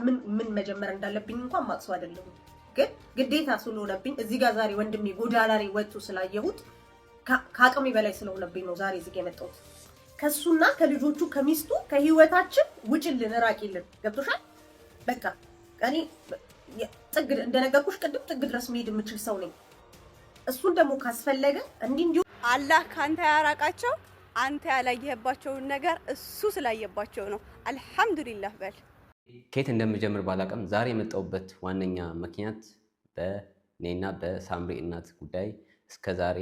ከምን ምን መጀመር እንዳለብኝ እንኳን ማቅሰው አይደለም። ግን ግዴታ ስለሆነብኝ እዚህ ጋር ዛሬ ወንድሜ ጎዳና ላይ ወጥቶ ስላየሁት ከአቅሜ በላይ ስለሆነብኝ ነው ዛሬ እዚህ የመጣሁት። ከሱና ከልጆቹ ከሚስቱ ከህይወታችን ውጭልን፣ ራቂልን። ገብቶሻል? በቃ እኔ ጥግ እንደነገርኩሽ ቅድም ጥግ ድረስ መሄድ የምችል ሰው ነኝ። እሱን ደግሞ ካስፈለገ እንዲህ እንዲሁ አላህ ከአንተ ያራቃቸው አንተ ያላየህባቸውን ነገር እሱ ስላየባቸው ነው። አልሐምዱሊላህ በል። ከየት እንደምጀምር ባላቀም ዛሬ የመጣሁበት ዋነኛ ምክንያት በእኔና በሳምሪ እናት ጉዳይ እስከ ዛሬ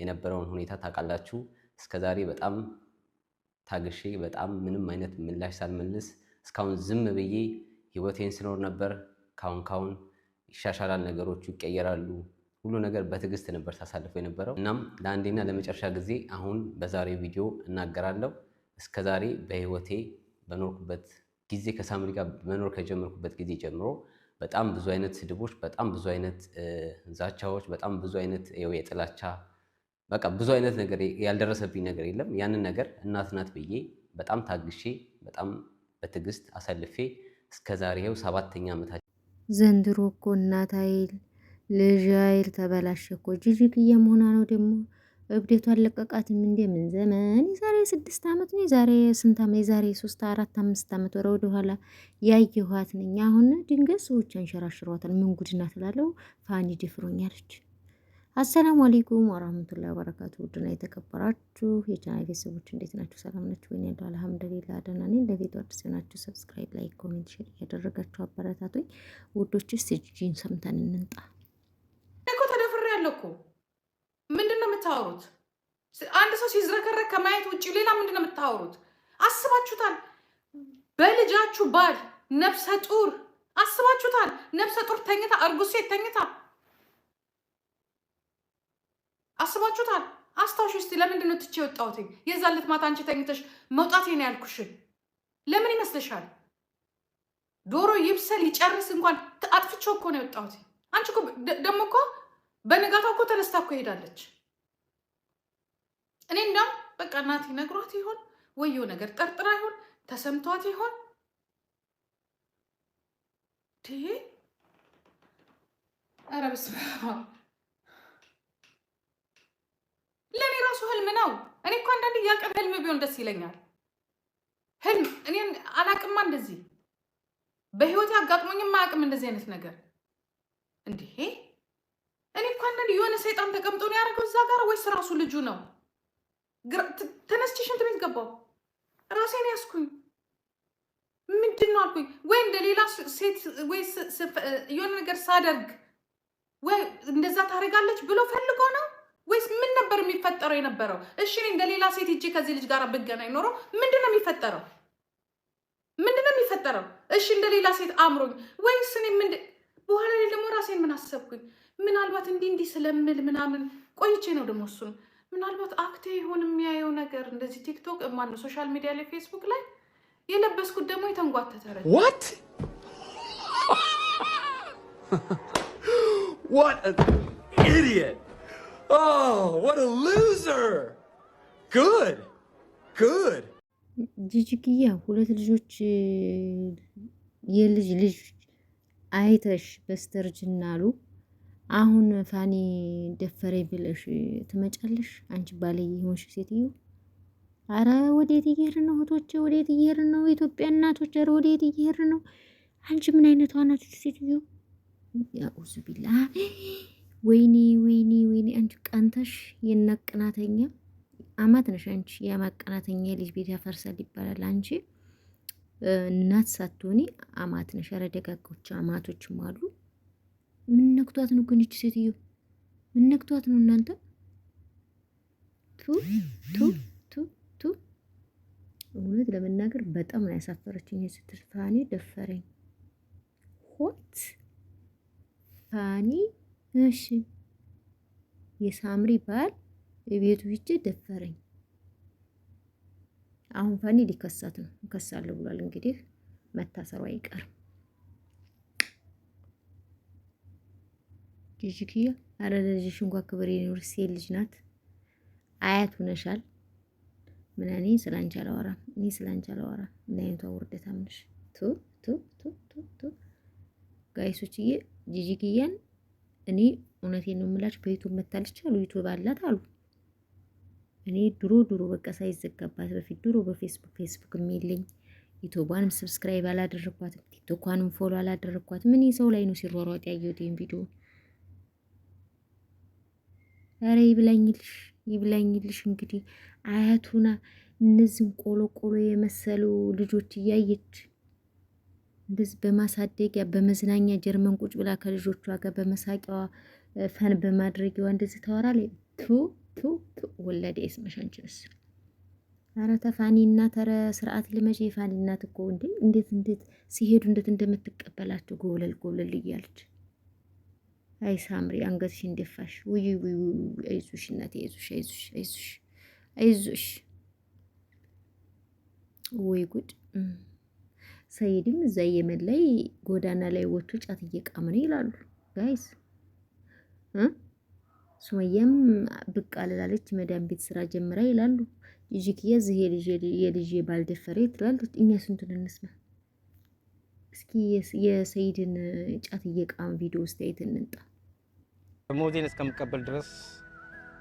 የነበረውን ሁኔታ ታውቃላችሁ። እስከ ዛሬ በጣም ታግሼ በጣም ምንም አይነት ምላሽ ሳልመልስ እስካሁን ዝም ብዬ ህይወቴን ስኖር ነበር። ካሁን ካሁን ይሻሻላል፣ ነገሮቹ ይቀየራሉ፣ ሁሉ ነገር በትዕግስት ነበር ሳሳልፈው የነበረው። እናም ለአንዴና ለመጨረሻ ጊዜ አሁን በዛሬው ቪዲዮ እናገራለሁ። እስከ ዛሬ በህይወቴ በኖርኩበት ጊዜ ከሳምሪ ጋር መኖር ከጀመርኩበት ጊዜ ጀምሮ በጣም ብዙ አይነት ስድቦች፣ በጣም ብዙ አይነት ዛቻዎች፣ በጣም ብዙ አይነት የጥላቻ በቃ ብዙ አይነት ነገር ያልደረሰብኝ ነገር የለም። ያንን ነገር እናት ናት ብዬ በጣም ታግሼ በጣም በትዕግስት አሳልፌ እስከ ዛሬው ሰባተኛ ዓመታችን ዘንድሮ እኮ እናት አይል ልጅ አይል ተበላሸ እኮ ጅጅግ እየመሆና ነው ደግሞ እብዴቷ አለቀቃትም። እንደ ምን ዘመን የዛሬ ስድስት ዓመት ነው የዛሬ ስንት ዓመት የዛሬ ሶስት አራት አምስት ዓመት ወረ ወደ ኋላ ያየኋት ነኝ። አሁን ድንገት ሰዎች አንሸራሽሯታል። ምን ጉድና ናት እላለሁ። ፋኒ ደፍሮኛለች። አሰላሙ አለይኩም ወራህመቱላሂ ወበረካቱ። ውድና የተከበራችሁ የቻናል ቤተሰቦች እንዴት ናችሁ? ሰላም ናችሁ ወይ? ያለው አልሐምዱሊላህ ደህና ነኝ። ለቤቱ አዲስ ናችሁ ሰብስክራይብ፣ ላይክ፣ ኮሜንት፣ ሼር እያደረጋችሁ አበረታቱኝ ውዶች። እስቲ ጂጂን ሰምተን እንንጣ እኮ ተደፍሬ ያለኩ ምንድን ነው የምታወሩት? አንድ ሰው ሲዝረከረክ ከማየት ውጭ ሌላ ምንድን ነው የምታወሩት? አስባችሁታል? በልጃችሁ ባል ነፍሰ ጡር አስባችሁታል? ነፍሰ ጡር ተኝታ፣ እርጉዝ ሴት ተኝታ አስባችሁታል? አስታውሽ እስቲ። ለምንድን ነው ትቼ የወጣሁትኝ? የዛን ዕለት ማታ አንቺ ተኝተሽ መውጣቴ ነው ያልኩሽን ለምን ይመስልሻል? ዶሮ ይብሰል ይጨርስ እንኳን አጥፍቼው እኮ ነው የወጣሁት። አንቺ ደግሞ እኮ በንጋታ እኮ ተነስታ እኮ ሄዳለች። እኔ እንዳውም በቃ እናቴ ነግሯት ይሆን ወየው ነገር ጠርጥራ ይሆን ተሰምቷት ይሆን ይሄ ኧረ በስመ አብ ለእኔ ራሱ ህልም ነው። እኔ እኮ አንዳንድ ያቀን ህልም ቢሆን ደስ ይለኛል። ህልም እኔ አላቅማ እንደዚህ በህይወት አጋጥሞኝም አያውቅም እንደዚህ አይነት ነገር እንዲሄ እኔ እኮ አንዳንድ የሆነ ሰይጣን ተቀምጦ ነው ያደረገው እዛ ጋር ወይስ ራሱ ልጁ ነው? ተነስቼ ሽንት ቤት ገባው ራሴን ያስኩኝ። ምንድን ነው አልኩኝ ወይ እንደ ሌላ ሴት ወይ የሆነ ነገር ሳደርግ ወይ እንደዛ ታደርጋለች ብሎ ፈልጎ ነው ወይስ ምን ነበር የሚፈጠረው የነበረው? እሺ እኔ እንደ ሌላ ሴት እጅ ከዚህ ልጅ ጋር ብገናኝ ኖሮ ምንድን ነው የሚፈጠረው? ምንድን ነው የሚፈጠረው? እሺ እንደ ሌላ ሴት አምሮኝ ወይስ እኔ ምንድን በኋላ ላይ ደግሞ ራሴን ምን አሰብኩኝ ምናልባት እንዲህ እንዲህ ስለምል ምናምን ቆይቼ ነው ደግሞ እሱን ምናልባት አክቴ ይሆን የሚያየው ነገር እንደዚህ ቲክቶክ ማነው ሶሻል ሚዲያ ላይ ፌስቡክ ላይ የለበስኩት ደግሞ የተንጓተተ ዋት ዋት ኢዲየት ዋት ሉዘር ጉድ ጉድ ጂጂክያ ሁለት ልጆች የልጅ ልጅ አይተሽ በስተርጅና አሉ አሁን ፋኒ ደፈሬ ብለሽ ትመጫለሽ? አንቺ ባለየ የሆንሽ ሴትዮ! አረ ወዴት እየሄድን ነው? እህቶቼ ወዴት እየሄድን ነው? ኢትዮጵያ እናቶች፣ አረ ወዴት እየሄድን ነው? አንቺ ምን አይነቷ ናት ሴትዮ? ያኡዙ ቢላ ወይኔ ወይኔ ወይኔ! አንቺ ቀንተሽ የናቅናተኛ አማት ነሽ አንቺ። የማቀናተኛ ልጅ ቤት ያፈርሳል ይባላል። አንቺ እናት ሳትሆኒ አማት ነሽ። ያረደጋጎች አማቶችም አሉ ምን ነክቷት ነው ግን? እች ሴትዮ ምን ነክቷት ነው? እናንተ ቱ ቱ ቱ ቱ እውነት ለመናገር በጣም ነው ያሳፈረችኝ። የስትር ፋኒ ደፈረኝ። ሆት ፋኒ እሺ፣ የሳምሪ ባል የቤቱ ሂጅ ደፈረኝ። አሁን ፋኒ ሊከሳት ነው። እከሳለሁ ብሏል። እንግዲህ መታሰሩ አይቀርም። ጂጂክዬ ኧረ ለልጅሽ እንኳን ክብር ይኑር። ሴት ልጅ ናት፣ አያት ሆነሻል። ምን እኔ ስላንቺ አላወራም፣ እኔ ስላንቺ አላወራም። ምን አይነቷ ውርደታ ምንሽ ቱ ቱ ቱ ቱ ቱ ጋይሶችዬ፣ ጂጂክያን እኔ እውነቴ ነው የምላችሁ በዩቱብ መታለች አሉ ዩቱብ አላት አሉ። እኔ ድሮ ድሮ በቃ ሳይዘጋባት በፊት ድሮ በፌስቡክ ፌስቡክ የሚልኝ ዩቱቧንም ሰብስክራይብ አላደረኳትም፣ ቲክቶኳንም ፎሎ አላደረኳትም። እኔ ሰው ላይ ነው ሲሯሯጥ ያየሁት ይህን ቪዲዮ ኧረ ይብላኝልሽ ይብለኝልሽ እንግዲህ አያቱና እነዚህን ቆሎ ቆሎ የመሰሉ ልጆች እያየች እንደዚህ በማሳደጊያ በመዝናኛ ጀርመን ቁጭ ብላ ከልጆቿ ጋር በመሳቂያዋ ፈን በማድረጊዋ እንደዚህ ታወራለች። ቱ ቱ ቱ ወለደ ስመሽ አንችልስ ተፋኒ እናት ኧረ ስርዓት ልመጪ የፋኒ እናት እኮ እንዴት እንዴት ሲሄዱ እንዴት እንደምትቀበላቸው ጎብለል ጎብለል እያለች አይ ሳምሪ አንገትሽ እንደፋሽ። ውይ ውይ ውይ! አይዞሽ እናቴ አይዞሽ አይዞሽ አይዞሽ አይዞሽ። ወይ ጉድ! ሰይድም እዛ የመን ላይ ጎዳና ላይ ወጥቶ ጫት እየቃመ ነው ይላሉ ጋይስ። ሱመያም ብቅ አልላለች መዳን ቤት ስራ ጀምራ ይላሉ። ልጅክያ ዝሄ ልጅ የልጅ ባልደፈሬ ትላለች። እኛ ስንቱን እንስማ እስኪ የሰይድን ጫት እየቃም ቪዲዮ ውስጥ አየት እንምጣ። ደሞዜን እስከምቀበል ድረስ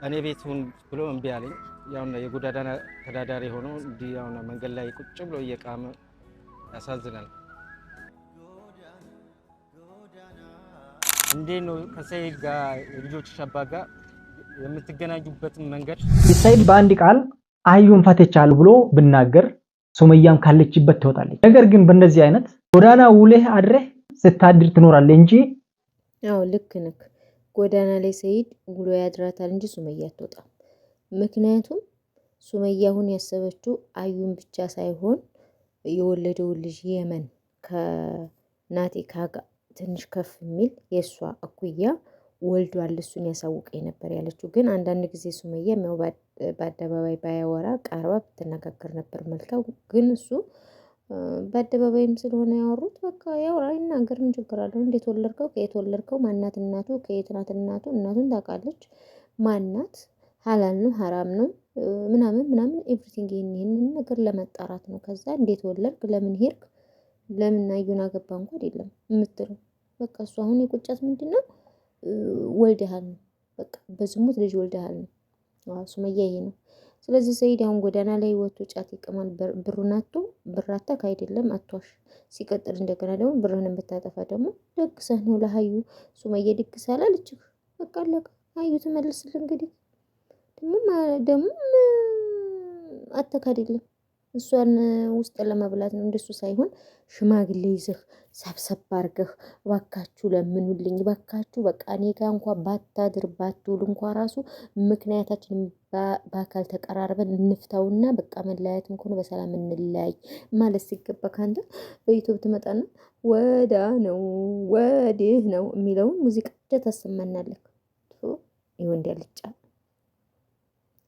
እኔ ቤት ሁን ብሎ እምቢ አለኝ። ያውና የጎዳና ተዳዳሪ ሆኖ እንዲህ ያውና መንገድ ላይ ቁጭ ብሎ እየቃመ ያሳዝናል። እንዴት ነው ከሰይድ ጋር የልጆች አባት ጋር የምትገናኙበትን መንገድ ሰይድ በአንድ ቃል አዩን ፈትቻለሁ ብሎ ብናገር ሱመያም ካለችበት ትወጣለች። ነገር ግን በእንደዚህ አይነት ጎዳና ውለህ አድረህ ስታድር ትኖራለህ እንጂ አዎ ልክ ነክ ጎዳና ላይ ሰይድ ውሎ ያድራታል እንጂ ሱመያ አትወጣም። ምክንያቱም ሱመያ አሁን ያሰበችው አዩን ብቻ ሳይሆን የወለደውን ልጅ የመን ከናቴ ካጋ ትንሽ ከፍ የሚል የእሷ እኩያ ወልዷል እሱን ያሳውቀኝ ነበር ያለችው። ግን አንዳንድ ጊዜ ሱመያ ያው በአደባባይ ባያወራ ቀርባ ብትነጋገር ነበር መልካም። ግን እሱ በአደባባይም ስለሆነ ያወሩት በቃ ያውራ ይናገር፣ ምን ችግር አለው? እንዴት ወለድከው? ከየት ወለድከው? ማናት እናቱ? ከየት ናት እናቱ? እናቱን ታውቃለች ማናት? ሀላል ነው ሀራም ነው ምናምን ምናምን ኤቭሪቲንግ ይህን ይህንን ነገር ለመጣራት ነው። ከዛ እንዴት ወለድክ? ለምን ሄድክ? ለምን አዩን አገባ እንኳ አይደለም የምትለው በቃ እሱ አሁን የቁጫት ምንድን ነው ያህል ነው በቃ በዝሙት ልጅ ወልደሃል ነው። ሱመያ ይሄ ነው። ስለዚህ ሰኢድ አሁን ጎዳና ላይ ወጥቶ ጫት ይቅማል። ብሩን አቶ ብራታ ካይደለም አቷሽ ሲቀጥል እንደገና ደግሞ ብርህን ብታጠፋ ደግሞ ደግሰህ ነው ለሀዩ ሱመየ ድግስ አላለችህ? በቃ አለቀ። ሀዩ ትመልስልህ እንግዲህ ደግሞ ደግሞ አተካድ የለም እሷን ውስጥ ለመብላት ነው። እንደሱ ሳይሆን ሽማግሌ ይዘህ ሰብሰብ አድርገህ ባካችሁ ለምኑልኝ፣ ባካችሁ በቃ እኔ ጋ እንኳ ባታድር ባትውል እንኳ ራሱ ምክንያታችን በአካል ተቀራርበን እንፍታውና በቃ መለያየት ከሆነ በሰላም እንለያይ ማለት ሲገባ ከአንተ በዩቱብ ትመጣና ወዳ ነው ወዲህ ነው የሚለውን ሙዚቃ ታሰማናለህ። ይሁን እንዲያልጫ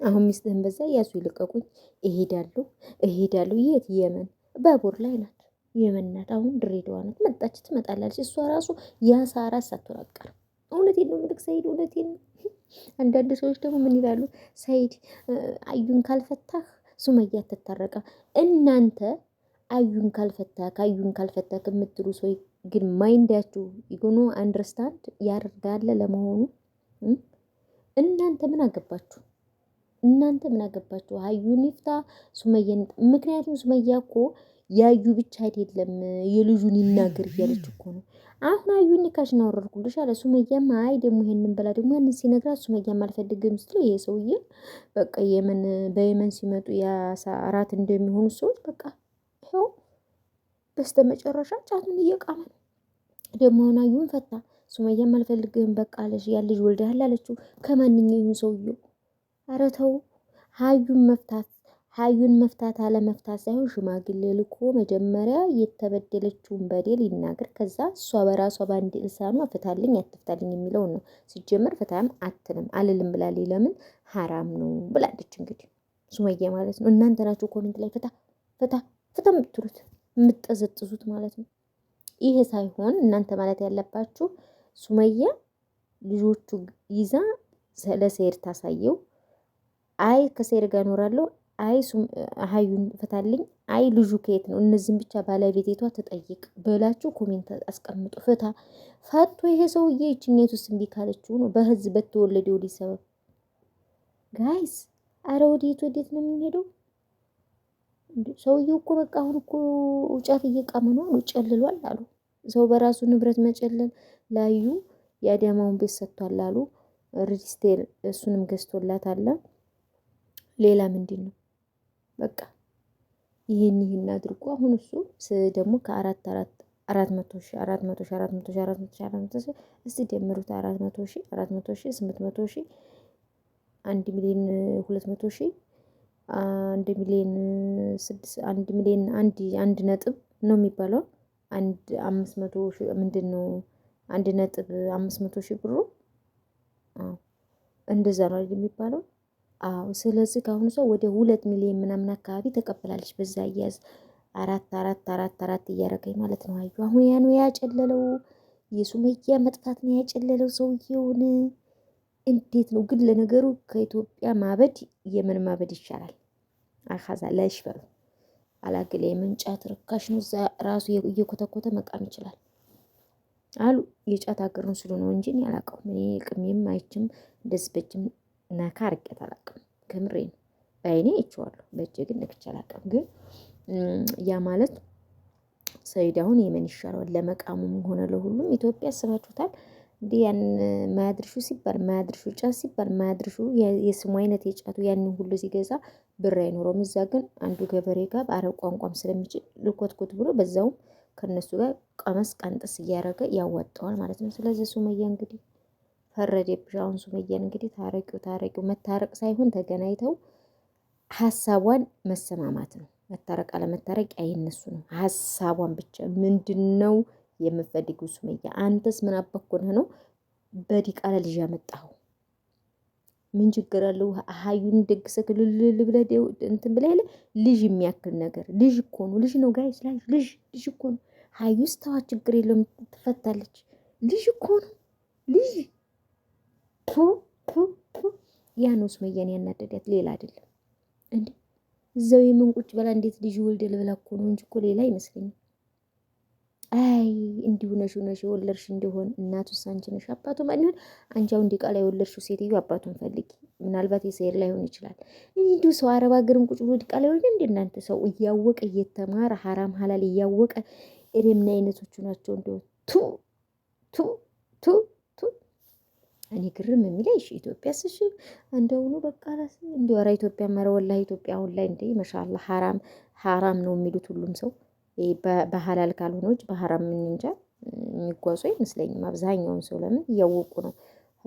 አሁን ሚስትህን በዛ ያዙ ይልቀቁኝ፣ እሄዳለሁ እሄዳለሁ። የት የመን ባቡር ላይ ናት። የመን ናት። አሁን ድሬዳዋ ናት። መጣች ትመጣላለች። እሷ ራሱ ያ ሳራ ሳትሆን አትቀርም። እውነቴን ነው ምልክ ሰይድ፣ እውነቴን ነው። አንዳንድ ሰዎች ደግሞ ምን ይላሉ? ሰይድ አዩን ካልፈታህ ሱመያ ትታረቃ። እናንተ አዩን ካልፈታህ አዩን ካልፈታህ የምትሉ ሰው ግን ማይንዳችሁ ይጎኖ አንደርስታንድ ያደርጋለ ለመሆኑ እናንተ ምን አገባችሁ? እናንተ ምን አገባችሁ? ሀዩን ይፍታ ሱመያን። ምክንያቱም ሱመያ እኮ ያዩ ብቻ አይደለም የልጁን ይናገር እያለች እኮ ነው። አሁን አዩን ኒካሽ እናወረርኩልሽ አለ። ሱመያም አይ ደግሞ ይሄንን ብላ ደግሞ ያንን ሲነግራት ሱመያም አልፈልግም ስትለው ይሄ ሰውዬ በቃ የመን በየመን ሲመጡ የአሳ አራት እንደሚሆኑ ሰዎች በቃ ይኸው በስተ መጨረሻ ጫቱን እየቃመ ነው። ደግሞ አሁን አዩን ፈታ። ሱመያም አልፈልግም በቃ አለሽ ያ ልጅ ወልደሃል አለችው። ከማንኛው ሰውዬው ኧረ ተው ሀዩን መፍታት ሀዩን መፍታት አለመፍታት ሳይሆን ሽማግሌ ልኮ መጀመሪያ የተበደለችውን በደል ይናገር። ከዛ እሷ በራሷ በአንድ እንሳኗ ፍታልኝ አትፍታልኝ የሚለውን ነው። ሲጀመር ፍታም አትልም አልልም ብላለች። ለምን ሀራም ነው ብላለች። እንግዲህ ሱመያ ማለት ነው። እናንተ ናችሁ ኮሜንት ላይ ፍታ ፍታ ፍታ የምትሉት የምጠዘጥዙት ማለት ነው። ይሄ ሳይሆን እናንተ ማለት ያለባችሁ ሱመያ ልጆቹ ይዛ ለሰይድ ታሳየው አይ ከሰይድ ጋር እኖራለሁ፣ አይ ሀዩን ፍታልኝ፣ አይ ልጁ ከየት ነው፣ እነዚህም ብቻ ባለቤቴቷ ትጠይቅ ብላችሁ ኮሜንት አስቀምጡ። ፍታ ፈቶ ይሄ ሰውዬ ይችኛቱ እምቢ ካለችው ነው በህዝብ በተወለደ ወዲህ ሰበብ ጋይስ። አረ ወዴት ወዴት ነው የምንሄደው? ሰውዬው እኮ በቃ አሁን እኮ ጫት እየቃመ ነው አሉ፣ ጨልሏል አሉ። ሰው በራሱ ንብረት መጨለል ላዩ የአዳማውን ቤት ሰጥቷል አሉ። ሪጅስቴር እሱንም ገዝቶላት አለ። ሌላ ምንድን ነው? በቃ ይህን ይህን አድርጎ አሁን እሱ ደግሞ ከአራት አራት አራት መቶ ሺ አራት መቶ ሺ አራት መቶ ሺ አራት መቶ ሺ አራት መቶ ሺ እስቲ ደምሩት አራት መቶ ሺ አራት መቶ ሺ ስምንት መቶ ሺ አንድ ሚሊዮን ሁለት መቶ ሺ አንድ ሚሊዮን ስድስት አንድ ሚሊዮን አንድ አንድ ነጥብ ነው የሚባለው አንድ አምስት መቶ ሺ ምንድን ነው አንድ ነጥብ አምስት መቶ ሺ ብሩ እንደዛ ነው የሚባለው። አዎ ስለዚህ ከአሁኑ ሰው ወደ ሁለት ሚሊዮን ምናምን አካባቢ ተቀብላለች። በዛ እያዝ አራት አራት አራት አራት እያረገኝ ማለት ነው። አዩ አሁን ያ ነው ያጨለለው፣ የሱመያ መጥፋት ነው ያጨለለው ሰውየውን። እንዴት ነው ግን ለነገሩ ከኢትዮጵያ ማበድ የምን ማበድ ይሻላል። ለሽ ላይሽበሉ አላግል የመንጫት ርካሽ ነው። እዛ ራሱ እየኮተኮተ መቃም ይችላል አሉ የጫት ሀገር ነው ስሉ ነው እንጂ አላውቀውም ምን ቅሜም አይችም እንደዚህ በጅም ነካ አርቄት አላውቅም። ከምሬ በአይኔ ይችዋሉ፣ በእጄ ግን ነክቼ አላውቅም። ግን ያ ማለት ሰይድ አሁን የመን ይሻለዋል ለመቃሙም ሆነ ለሁሉም ኢትዮጵያ አስባችሁታል። እንዲህ ያን ማያድርሹ ሲባል ማያድርሹ ጫት ሲባል ማያድርሹ የስሙ አይነት የጫቱ ያንን ሁሉ ሲገዛ ብር አይኖረውም። እዛ ግን አንዱ ገበሬ ጋር በአረብ ቋንቋም ስለሚችል ልኮትኮት ብሎ በዛውም ከነሱ ጋር ቀመስ ቀንጥስ እያደረገ ያዋጣዋል ማለት ነው። ስለዚህ ሱመያ እንግዲህ ፈረደብሽ። አሁን ሱመያን እንግዲህ ታረቂው ታረቂው መታረቅ ሳይሆን ተገናኝተው ሀሳቧን መሰማማት ነው። መታረቅ አለመታረቅ አይነሱ ነው። ሀሳቧን ብቻ ምንድን ነው የምፈልጊው? ሱመያ አንተስ ምን አበኩነህ ነው በዲቃላ ልጅ ያመጣኸው? ምን ችግር አለው? አሃዩን ደግሰህ ልልል ብለህ እንትን ብለ ያለ ልጅ የሚያክል ነገር ልጅ እኮ ነው። ልጅ ነው ጋይ ስላ ልጅ ልጅ እኮ ነው። ሀዩስ ተዋት፣ ችግር የለውም ትፈታለች። ልጅ እኮ ነው ልጅ ኩ ኩ ኩ ያኖስ መያን ያናደዳት ሌላ አይደለም። እንዴ እዛው የምን ቁጭ ብላ እንዴት ልጅ ወልድ ልብላ እኮ ነው እንጂ እኮ ሌላ አይመስለኝም። አይ እንዲሁ ነሽ ነሽ የወለድሽ እንደሆን እናቱ አንቺ ነሽ፣ አባቱ ማን ይሆን? አንቺ አሁን ዲቃላ የወለድሽው ሴትዮ አባቱን ፈልጊ። ምናልባት የሰይር ላይሆን ይችላል። እንዲሁ ሰው አረብ ሀገርም ቁጭ ብሎ ዲቃላ ይወልድ እንደ እናንተ ሰው እያወቀ እየተማረ ሀራም ሀላል እያወቀ እኔ ምን አይነቶቹ ናቸው እንዲሆን ቱ ቱ ቱ እኔ ግርም የሚለሽ ኢትዮጵያ እሺ እንደውኑ በቃ ራስ እንዲ ወራ ኢትዮጵያ መረ ወላ ኢትዮጵያ አሁን ላይ እንደ መሻላ ሀራም ሀራም ነው የሚሉት ሁሉም ሰው በሀላል ካልሆኖች በሀራም ምን እንጃ የሚጓዙ አይመስለኝም። አብዛኛውን ሰው ለምን እያወቁ ነው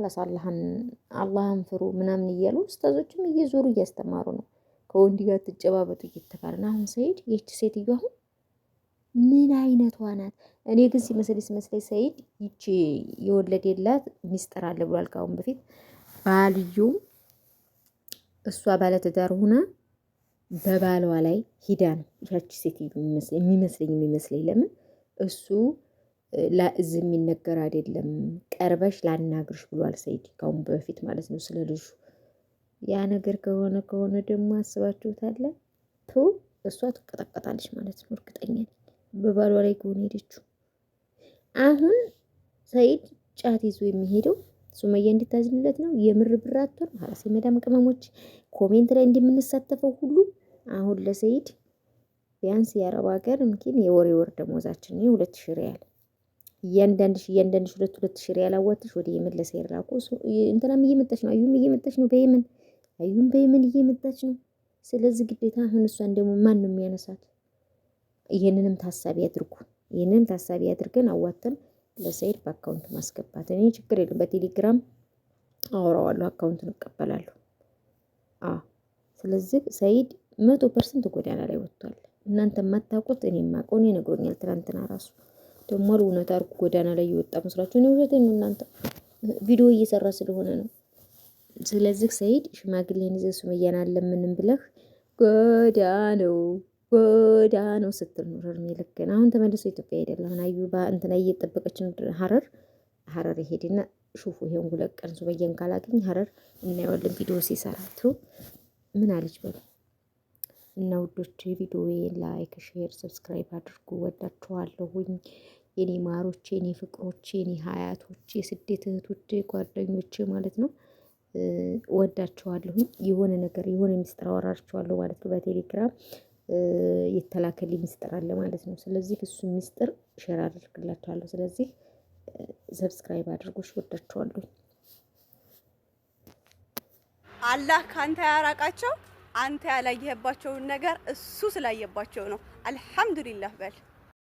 ላስ አላህን አላህን ፍሩ ምናምን እያሉ ኡስታዞችም እየዞሩ እያስተማሩ ነው። ከወንድ ጋር ትጨባበጡ እየተባለ አሁን ሰይድ ይህች ሴትዮ አሁን ምን አይነቷ ናት? እኔ ግን ሲመስለኝ ሲመስለኝ ሰይድ ይቺ የወለድ የላት ሚስጥር አለ ብሏል ካሁን በፊት ባልዩ እሷ ባለትዳር ሁና በባሏ ላይ ሂዳ ነው ያቺ ሴት የሚመስለኝ የሚመስለኝ ለምን እሱ ለእዝ የሚነገር አይደለም ቀርበሽ ላናግርሽ ብሏል ሰይድ ካሁን በፊት ማለት ነው ስለ ልጁ ያ ነገር ከሆነ ከሆነ ደግሞ አስባችሁታለ እሷ ትቀጠቀጣለች ማለት ነው እርግጠኛ በባሏ ላይ ጎን ሄደችው። አሁን ሰይድ ጫት ይዞ የሚሄደው ሱመያ እንድታዝንለት ነው። የምር ብራቶን ሀላስ የመዳም ቅመሞች ኮሜንት ላይ እንደምንሳተፈው ሁሉ አሁን ለሰይድ ቢያንስ የአረብ ሀገር እንኪን የወሬ ወር ደሞዛችን ሁለት ሺህ ሪያል እያንዳንድሽ እያንዳንድሽ ሁለት ሁለት ሺህ ሪያል አዋትሽ ወደ የምን ለሰይድ ላኩ። እንትናም እየመጣች ነው፣ አዩም እየመጣች ነው በየምን አዩም በየምን እየመጣች ነው። ስለዚህ ግዴታ አሁን እሷን ደግሞ ማን ነው የሚያነሳት? ይህንንም ታሳቢ አድርጉ። ይህንንም ታሳቢ አድርገን አዋተን ለሰይድ በአካውንት ማስገባት። እኔ ችግር የለም፣ በቴሌግራም አወራዋለሁ፣ አካውንቱን እቀበላለሁ። አዎ ስለዚህ ሰይድ መቶ ፐርሰንት ጎዳና ላይ ወጥቷል። እናንተ የማታውቁት እኔ የማውቀው እኔ ነግሮኛል። ትናንትና ራሱ ደግሞ እውነት አድርጎ ጎዳና ላይ የወጣ መስላችሁ ነው። ውሸቴን ነው። እናንተ ቪዲዮ እየሰራ ስለሆነ ነው። ስለዚህ ሰይድ ሽማግሌን ይዘህ ሱመያን አለምንም ብለህ ጎዳ ነው ጎዳ ነው ስትል ኑር እድሜ ልክን። አሁን ተመልሶ ኢትዮጵያ አይደለም አዩ እንትና እየጠበቀች ሀረር ሀረር ይሄድና ሹፉ ይሄን ሁለት ቀን ሱመያን ካላገኝ ሀረር እናየዋለን ቪዲዮ ሲሰራቱ ምን አለች በሉ እና ውዶች ቪዲዮ ላይክ፣ ሼር፣ ሰብስክራይብ አድርጉ። ወዳችኋለሁኝ የኔ ማሮች፣ የኔ ፍቅሮች፣ የኔ ሀያቶች፣ የስደት እህቶች፣ ጓደኞች ማለት ነው። ወዳችኋለሁኝ የሆነ ነገር የሆነ ሚስጥር አወራችኋለሁ ማለት ነው በቴሌግራም የተላከልኝ ሚስጥር አለ ማለት ነው። ስለዚህ እሱ ሚስጥር ሼር አደርግላችኋለሁ። ስለዚህ ሰብስክራይብ አድርጎሽ ወዳችኋለሁ። አላህ ካንተ ያራቃቸው አንተ ያላየህባቸውን ነገር እሱ ስላየባቸው ነው። አልሐምዱሊላህ በል